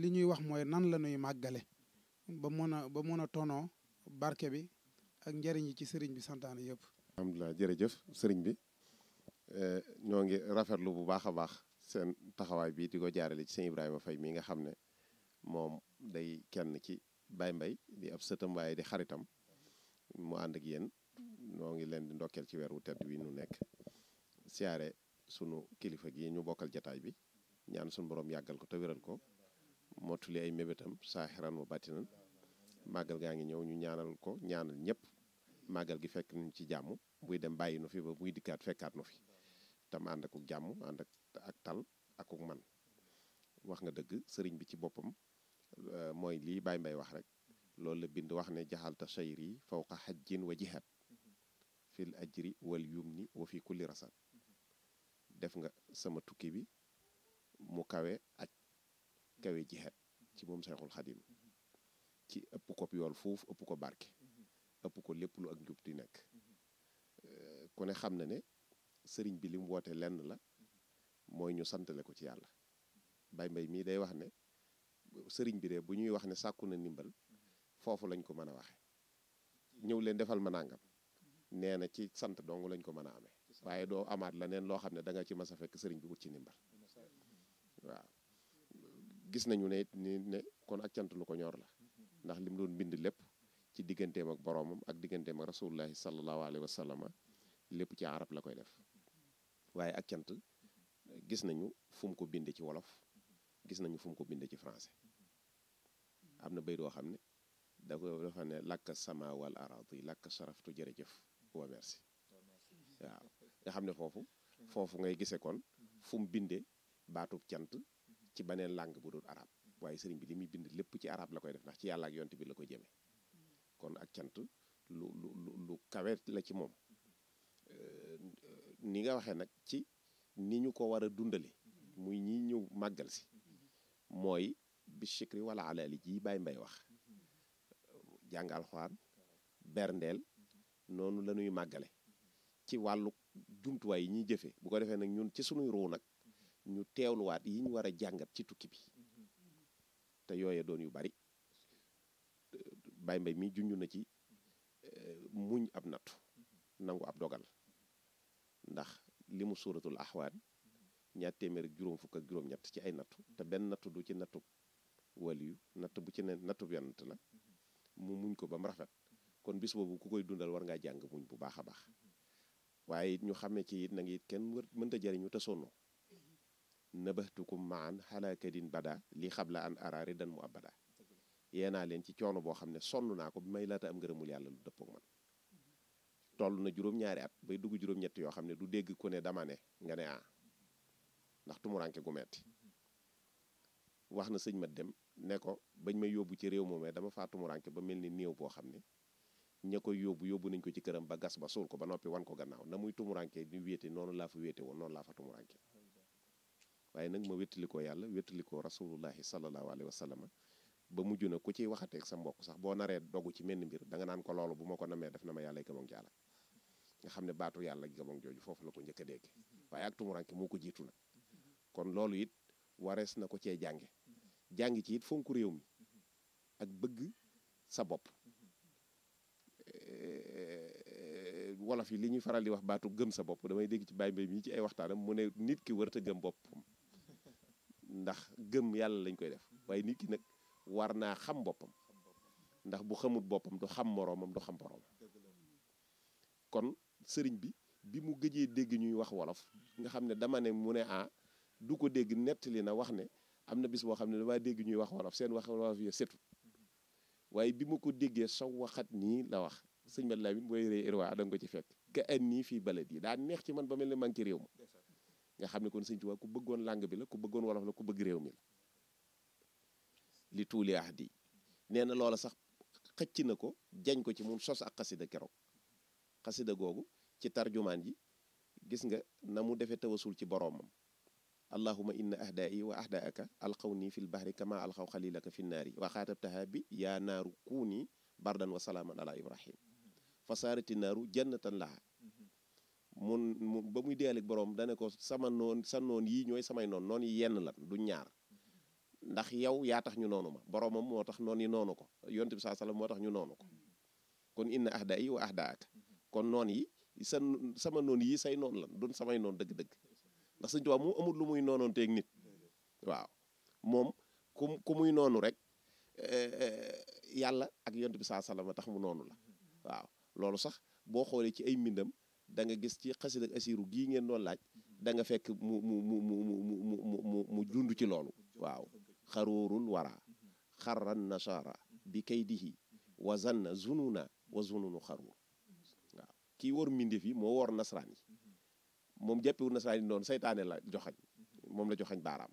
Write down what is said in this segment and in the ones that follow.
li ñuy wax mooy nan la ñuy màggale ba mën a ba mën a tonoo barke bi ak njëriñ yi ci sëriñ bi santaane yëpp. alhamdulilah jërëjëf sëriñ bi eh, ñoo ngi rafetlu bu baax a baax seen taxawaay bi di ko jaarale ci sëñ Ibrahima Faye mi nga xam ne moom day kenn ci Baye mbay bi ab sëtam waaye di xaritam mu ànd ak yéen ñoo ngi leen di ndokkeel ci weer wu tedd wi nu nekk siyaare sunu kilifa gi ñu bokkal jataay bi ñaan sunu borom yàggal ko te wéral ko. mottuli ay mébétam saaxiran wa bàttinan màggal gaa ngi ñëw ñu ñaanal ko ñaanal ñëpp màggal gi fekk nañ ci jàmm buy dem bàyyi nu fi ba buy dikkaat fekkaat nu fi tam ànd ak jàmm ànd ak tal ak man wax nga dëgg sëriñ bi ci boppam euh, mooy lii Baye mbay wax rek loolu la bind wax ne jaxalta sayri fawqa jin wa jihaad fil ajri wal yumni wa fi kulli rasad def nga sama tukki bi mu kawe aj kawe ci xeet ci moom Seexul Xadim ci ëpp ko yool foofu ëpp ko barke ëpp ko lépp lu ak njub di nekk euh, ku ne xam na ne sëriñ bi li woote lenn la mooy ñu santale ko ci yàlla bay mbay mii day wax ne sëriñ bi de bu ñuy wax ne sàkku na ndimbal foofu lañ ko mën a waxe ñëw leen defal ma nangam nee na ci sant dong lañ ko mën a amee waaye doo amaat la neen loo xam ne da nga ci mas a fekk sëriñ bi wut ci ndimbal waaw gis nañu ne ni ne kon ak lu ko ñor la ndax li mu doon bind lépp ci digganteem ak boroomam ak digganteem ak rasulullahi sallallahu alayhi wa sallam lépp ci arab la koy def waaye ak gis nañu fu ko bind ci wolof gis nañu fu mu ci français am na béy doo xam ne da ko dafa ne làkk sama wal aradi làkk saraftu jërëjëf wa merci waaw nga xam ne foofu foofu ngay gise kon fu mu binde baatub cant ci beneen langue bu dul arab waaye sëriñ bi li muy bind lépp ci arab la koy def ndax ci yàlla ak yonte bi la ko jëmee kon ak cant lu lu lu kawe la ci moom ni nga waxee nag ci ni ñu ko war a dundale mu ñi ñëw màggal si mooy bi chikri wala alaali ji bàyyi mbay wax jàng alxuraan berndeel noonu la màggale ci wàllu jumtuwaay yi ñuy jëfe bu ko defee nag ñun ci sunuy ruu nag ñu teewluwaat yi ñu wara jangat ci tukki bi te yoyé doon yu bari bay mbay mi juñu na ci eh, muñ ab natu nangu ab dogal ndax limu suratul ahwad ñaat témer juroom fuk ak juroom ñatt ci ay natu, te ben natu du ci natu waliyu natu bu ci ne natu yonent la mu muñ ko bam rafet kon bis bobu ku koy dundal war nga jang muñ bu baax baax ñu xamé ci nit na ngi kenn mënta jariñu te sonu nabahtukum maan xalaakadin bada li xabla an araari dan mu abada yee naa leen ci coono boo xam ne sonn naa ko bi may laata am ngërëmul yàlla lu dëppoog man toll na juróom-ñaari at bay dugg juróom-ñett yoo xam ne du dégg ku ne dama ne nga ne ah ndax tumuranke gu metti wax na sëñ ma dem ne ko ñu may yóbbu ci réew moomee dama faa tumuranke ba mel ni néew boo xam ne ña koy yóbbu yóbbu nañ ko ci këram ba gas ba suul ko ba noppi wan ko gannaaw na muy tumuranke ni wéete noonu laa fa wéete woon noonu laa waaye nag ma wéttali ko yàlla wéttali ko rasulullahi sallallahu alayhi wa sallam ba mujj na ku ciy waxateeg sa mbokk sax boo naree dogu ci mel mbir da nga naan ko loolu bu ma ko namee def na ma yàlla gëmoon jaala nga xam ne baatu yàlla gëmoon jooju foofu la ko njëkk a dégg waaye ak tumuranke moo ko jiitu nag kon loolu it warees na ko cee jànge jàng ci it fonku réew mi ak bëgg sa bopp wolof yi li ñuy faral di wax baatu gëm sa bopp damay dégg ci bàyyi mbay mi ci ay waxtaanam mu ne nit ki wërta gëm boppam ndax gëm yàlla lañ koy def waaye nit ki nag war naa xam boppam ndax bu xamut boppam du xam moroomam du xam boroomam kon sëriñ bi bi mu gëjee dégg ñuy wax wolof nga xam ne dama ne mu ne ah du ko dégg nettali na wax ne am na bis boo xam ne dama dégg ñuy wax wolof seen wax wolof yi setu waaye bi ma ko déggee saw waxat nii la wax sëñ Mat Lamin booy ree irwaa da nga ko ci fekk ka an nii fii balad yi daa neex ci man ba mel ne maa ngi ci réew ma nga xam ne kon sëñ Tuubaa ku bëggoon làng bi la ku bëggoon wolof la ku bëgg réew mi la li tuuli ahdi nee na loola sax xëcc na ko jañ ko ci moom sos ak xasida keroog xasida googu ci tarjumaan ji gis nga na mu defee tawasul ci boroomam allahuma inna ahdaai wa ahdaaka alxaw nii fil bahri kama alxaw xalilaka fi naari wa xaatabtaha bi yaa naaru kuuni bardan wa salaaman ala ibrahim fa naaru jannatan laha mun mu ba muy deelik boroom dane ko sama noon sa noon yii ñooy samay noon noon yi yenn lan du ñaar ndax yow yaa tax ñu noonu ma boroomam moo tax noon yi noonu ko yonte bi saa sallam moo tax ñu noonu ko kon inna ahda yi wa ahda kon noon yi sa sama noon yii say noon lan dun samay noon dëgg-dëgg ndax Sëñ amul lu muy noonoon teeg nit waaw muy noonu rek eh, eh, yàlla ak yonte bi saa sallam tax mu noonu la waaw loolu sax boo xoolee ci ay mbindam danga gis ci xasida ak asiru gii ngeen doon laaj danga fekk mu mu mu mu mu mu mu jund ci loolu waaw xaruurul wara xarran nasara bi kaydihi wa zanna zununa wa zununu xaruur waaw kii war mbindéef yi moo war nasraan moom jàppewul nasraan yi noonu saytaane la joxañ moom la joxañ baaraam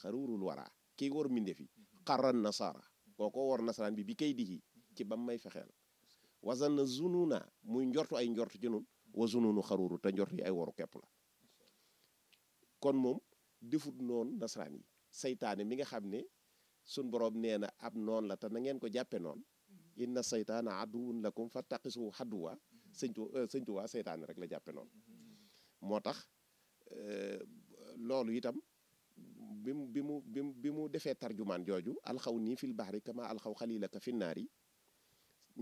xaruurul wara kii war mbindéef yi xarran nasara kooko war nasraan bi bi kaydihi ci bam may fexeel wa zanna zununa muy njortu ay njortu ci nun wa zununu xaruuru te njort yi ay waru képp la kon moom defut noonu nasaraan yi saytaane mi nga xam ne sun boroom nee na ab noonu la te na ngeen ko jàppe noonu inna saytaana aduwun lakum fattaqisu xadduwa sëñtu sëñtuwaa saytaane rek la jàppe noonu moo tax loolu itam bi mu bi mu bi mu bi mu defee tarjumaan jooju alxaw nii fil baxri kama alxaw xalilaka finnaar yi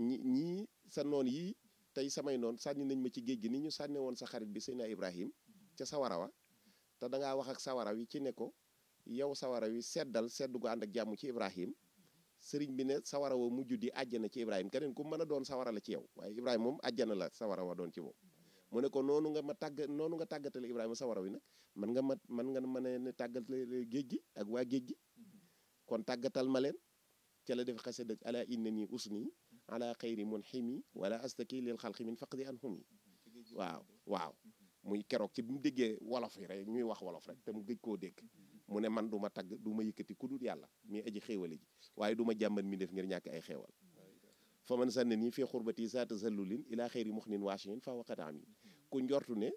ñi ñii sa noon yii tey samay noonu sànni nañ ma ci géej gi ni ñu sànne sa xarit bi Seydina Ibrahim ca sawara wa te da ngaa wax ak sawara wi ci ne ko yow sawara wi seddal seddu gu ànd ak jàmm ci Ibrahim sëriñ bi ne sawara wa mujj di àjjana ci Ibrahim keneen ku mën a doon sawara la ci yow waaye Ibrahim moom àjjana la sawara wa doon ci moom. mu ne ko noonu nga ma tàgg noonu nga tàggatale Ibrahima sawara wi nag man nga ma man nga mën a ne tàggatale géej gi ak waa géej gi kon tàggatal ma leen ca def xase dëkk ala nii us nii على xayri munhimi ولا astaki lil من min faqdi anhumi waaw waaw muy keroog ci bi mu déggee wolof yi rek ñuy wax wolof rek te mu gëj koo dégg mu ne man du ma tagg du ma yëkkati ku dul yàlla mi aji xéewale ji waaye du ma jàmbat mi def ngir ñàkk ay xéewal fa man sànni nii fii xurbati zaata zallulin ilaa xayri muxnin waashin fa waqat ami ku njortu ne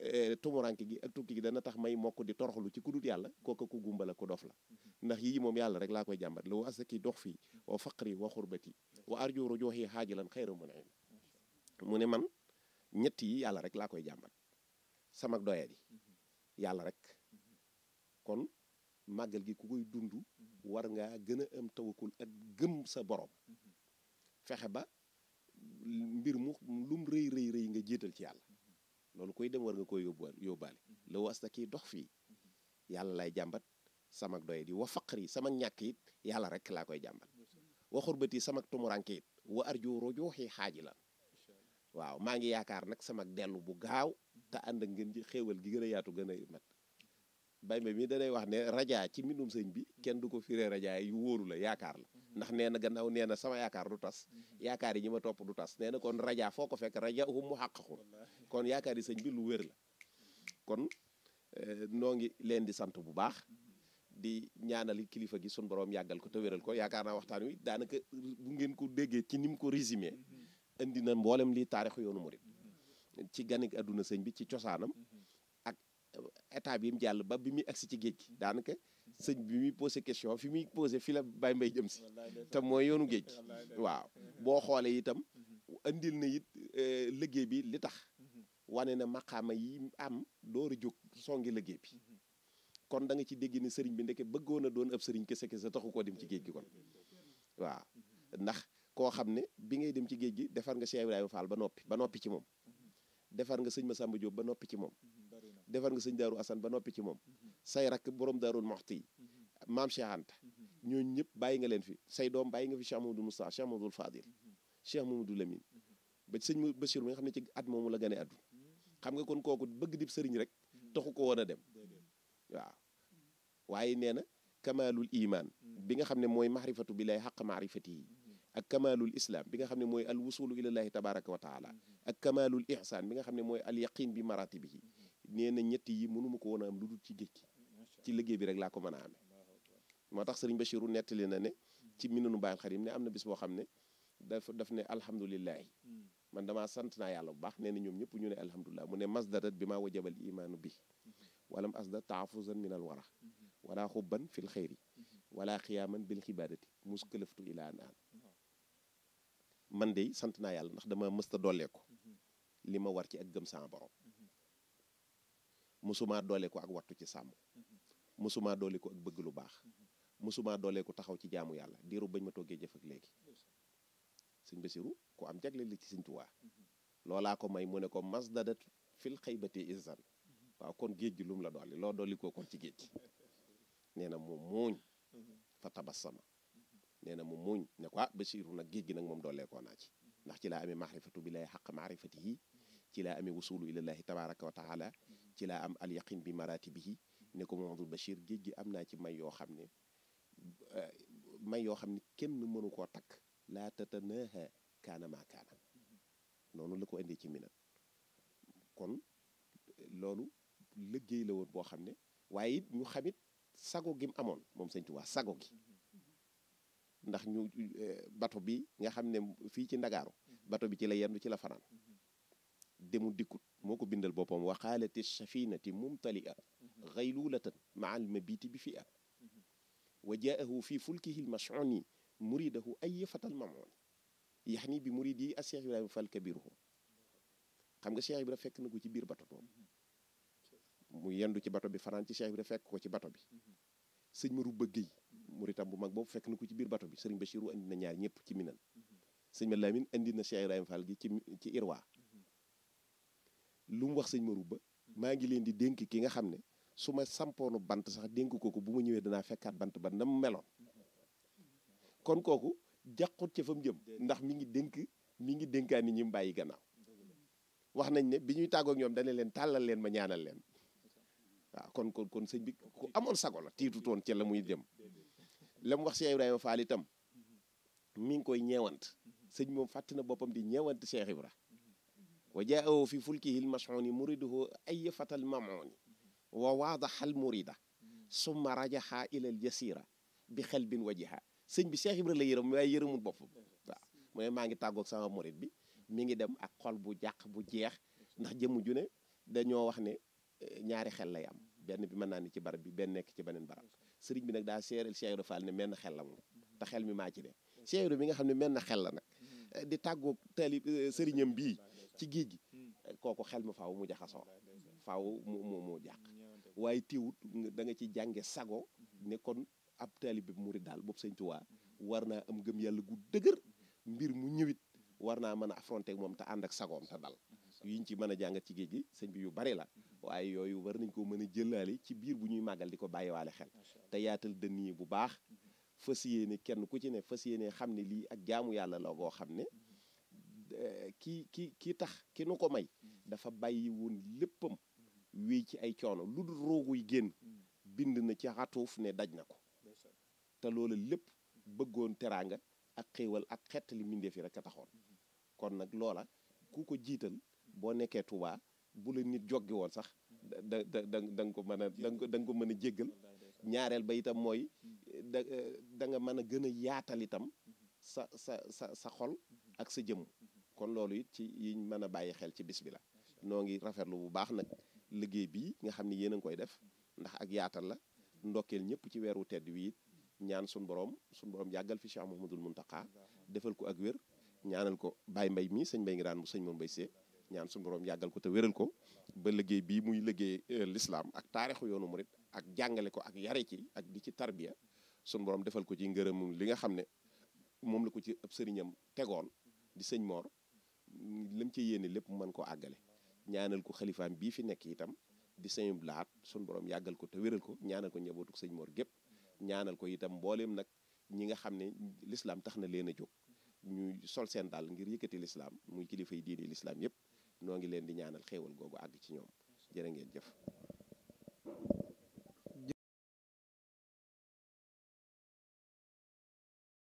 Eh, tumuranke gi ak tukki gi dana tax may mokk di toroxlu ci kudut yàlla kooka ku gumba la ku dof la mm-hmm. ndax yi moom yàlla rek laa koy jàmbat lu asaki dox fii mm-hmm. wa faqri wa xurbati wa arju rujuhi xaajilan xayra mun in mu ne man ñett yi yàlla rek laa koy jàmbat sama doye di mm-hmm. yàlla rek kon màggal gi ku koy dund war ngaa gën a am tawakul ak gëm sa borom fexe ba mbir mu lum rëy rëy rëy nga jiital ci yàlla loolu koy dem war nga koy yóbbu yóbbaale la wasta kii dox fii mm-hmm. yàlla lay jàmbat samak doy di wa yi samak ñàkk it yàlla rek laa koy jàmbat wa xurbati samak tumuranke it wa ar arju rujuuxi xaaji la waaw maa ngi yaakaar nag samak dellu bu gaaw mm-hmm. te ànd ak ngeen xéewal gi gën a yaatu gën a mat bay ma mii danay wax ne raja ci mbindum sëñ bi mm-hmm. kenn du ko firee raja yi wóoru la yaakaar la ndax nee na gannaaw nee na sama yaakaar du tas mhm. yaakaar yi ñi ma topp du tas nee na kon raja foo ko fekk raja uhum mu xàqaxul kon yaakaar yi sëñ bi lu wér la kon eh, noo ngi leen di sant bu baax mhm. di ñaanali kilifa gi suñ borom yàggal ko te wéral ko yaakaar naa waxtaan wi daanaka bu ngeen ko déggee ci ni mu ko résime mhm. indi na mboolem lii taarixu yoonu murit ci ganik àdduna sëñ bi ci cosaanam état bi mu jàll ba bi muy agsi ci géej gi daanaka sëñ bi muy posé question fi muy posé fi la Baye Mbaye jëm si te mooy yoonu géej gi waaw boo xoolee itam indil na it euh, liggéey bi li tax wane na maqaama yi am door a jóg songi liggéey bi kon da nga ci dégg ne sëriñ bi ndeke bëggoon a doon ab sëriñ kese kese taxu koo dem ci géej gi kon waaw ndax koo xam ne bi ngay dem ci géej gi defar nga Cheikh Ibrahima Fall ba noppi ba noppi ci moom defar nga sëñ Massamba Diop ba noppi ci moom defar nga sëñ daaru asan ba noppi ci moom say rakk borom daarul moxti yi maam Cheikh Anta ñooñu ñëpp bàyyi nga leen fi say doom bàyyi nga fi Cheikh Mamadou Moussa Cheikh Mamadou Fadil Cheikh Mamadou Lamine ba sëñ Bachir mi nga xam ci at moomu la gane àdduna xam nga kon kooku bëgg dib sëriñ rek taxu ko woon dem waaw waaye nee na iman bi nga xam ne mooy mahrifatu bi lay xaq ak kamaalul islam bi nga xam ne mooy al wusulu ilallahi tabaraka wa taala ak kamaalul ihsan bi nga xam ne mooy al yaqin bi maratibihi nee na ñett yi mënuma ko woon a am lu dul ci géej gi ci liggéey bi rek laa ko mën a amee moo tax sëriñ Bachirou nettali na ne ci minanu Baay Xadim ne am na bis boo xam ne daf daf ne alhamdulilahi man damaa sant naa yàlla bu baax nee na ñoom ñëpp ñu ne alhamdulilah mu ne masdadat bi maa wajabal imaanu bi walam asda taafuzan min al wara wala xubban fil xeyri wala xiyaaman bil xibaadati muskalaftu ilaa an aan man de sant naa yàlla ndax dama mësta dollee ko li ma war ci ak gëm sama borom doole ko ak wattu ci sàmm mosumaa mm-hmm. dooleeku ak bëgg lu baax mosumaa mm-hmm. ko taxaw ci jaamu yàlla diiru bañ ma toggee jëf ak léegi sëñ Basiru am jagle li ci sëñ Tuubaa mm-hmm. loolaa ko may mu ne ko masdadat fil xaybati izan waaw kon géej gi lum la dolli loo dolli ko ci géej gi nee na mu muuñ fa tabassama nee na mu muuñ ne ko ah Basiru nag géej gi nag moom dooleekoo naa ci ndax ci laa amee maarifatu billaahi xaq yi ci laa amee wusulu ilallaahi tabaaraka wa taala ci la am al yaqin bi maratibihi ne ko Mamadou bashir géej amna ci may yo xamne may yo xamne kenn mënu ko tak la tatanaha kana ma kana noonu lako ko ci minat kon loolu liggey la won bo xamne waye ñu xamit sago gi mu amoon mom sëñ touba sago gi ndax ñu bato bi nga xamne fi ci ndagaru bato bi ci la yenn ci la fanane demu dikkut moo ko bindal boppam waxaalati safinati mumtalia xaylulatan maa almabiti bi fi a wa jaahu fi fulkihi almashuni muridahu ay fatal mamoon yahni ni bi murid yi ak Cheikh Ibrahima Fall kabiruhu xam nga Cheikh Ibra fekk na ko ci biir bato boobu mu yendu ci bato bi fanaan ci Cheikh Ibra fekk ko ci bato bi sëñ Maru Bëggey muritam bu mag boobu fekk na ko ci biir bato bi sëriñ Bachiru andi ñaar ñëpp ci minan sëñ ma Lamin Cheikh Ibrahima Fall gi ci Irwa lu mu wax sëñ Maru Ba mm. maa ngi leen di dénk ki nga xam ne su ma sampoonu bant sax dénk kooku bu ma ñëwee danaa fekkaat bant ba na mu meloon kon kooku jàqut ca fa mu jëm ndax mi ngi dénk mi ngi dénkaat ni ñi mu bàyyi gannaaw wax nañ ne bi ñuy tàggoog ñoom dana leen tàllal leen ma ñaanal leen waaw kon kon kon sëñ bi ku amoon sago la tiitutoon ca la muy jëm la mu wax Cheikh Ibrahima Fall itam mm-hmm. mi ngi koy ñeewant mm-hmm. sëñ moom fàtte na boppam di ñeewant Cheikh وجاءه في فلكه المشحون مريده أي فتى الممعون وواضح المريدة ثم رجح إلى الجسيرة بقلب وجهة sëñ bi Cheikh Ibra la yërëm waaye yërëmul boppam waaw mu ne maa ngi tàggoog sama morit bi mi ngi dem ak xol bu jàq bu jeex ndax jëmu ju ne dañoo wax ne ñaari xel lay am benn bi mën naa ne ci barab bi benn nekk ci beneen barab sëriñ bi nag daa seereel Cheikh Ibra Fall ne menn xel la moom te xel mi maa ci ne Cheikh Ibra bi nga xam ne menn xel la nag di tàggoog taalib sëriñam bii ci géej gi hmm. kooku xel ma faw mu jaxasoo hmm. faaw mu mu mu jàq hmm, waaye teewut da nga ci jànge sago nekkoon kon ab taalib mu murid daal boobu sëñ Tuubaa war naa am gëm yàlla gu dëgër mbir mu ñëwit war naa mën a affronter moom te ànd ak sagoom te dal yiñ ci mën a jàngat ci géej gi sëñ bi yu bari la waaye yooyu war nañ ko mën a jëlaale ci biir bu ñuy màggal di ko bàyyiwaale xel te yaatal dënn yi bu baax fas yéene kenn ku ci ne fas yéene xam ne lii ak jaamu yàlla la boo xam ne Eh, ki ki ki tax ki nu ko may mm. dafa bàyyi woon léppam mm. wéy ci ay coono lu dul rooguy génn mm. bind na ci xatuuf ne daj na ko te loolu lépp bëggoon teraanga ak xéewal ak xettali mbindeef yi rek a taxoon mm-hmm. kon nag loola ku ko jiital boo nekkee tubaa bu la nit joggi woon sax da da da ko mën a da nga ko mën a jéggal ñaareel ba itam mooy da eh, da nga mën a gën a yaatal itam mm-hmm. sa sa sa sa xol mm-hmm. ak sa jëmm kon loolu it ci yiñ mën a bàyyi xel ci bis bi la noo ngi rafetlu bu baax nag liggéey bii nga xam ni yéen a ngi koy def ndax ak yaatal la ndokkeel ñëpp ci weeru tedd wi it ñaan suñu borom suñu borom yàggal fi Cheikh Mouhamadoul Mountakha defal ko ak wér ñaanal ko Baye mbay mii sëñ Mbaye ngi daan mu sëñ Mor mbay see ñaan suñu borom yàggal ko te wéral ko ba liggéey bii muy liggéey euh, lislaam ak taarixu yoonu murit ak jàngale ko ak yare ci ak di ci tarbiya suñu borom defal ko ci ngërëm li nga xam ne moom la ko ci ab sëriñam tegoon di sëñ Mor lam ci yéene lépp mën ko àggale ñaanal ko xalifaam bii fi nekk itam di sëñ Blaat sunu borom yàggal ko te wéral ko ñaanal ko njabootu sëñ moor gépp ñaanal ko itam mbooleem nag ñi nga xam ne lislaam tax na leen a jóg ñu sol seen daal ngir yëkkati lislaam muy kilifa yi diine lislaam yëpp noo ngi leen di ñaanal xéewal googu àgg ci ñoom jërë ngeen jëf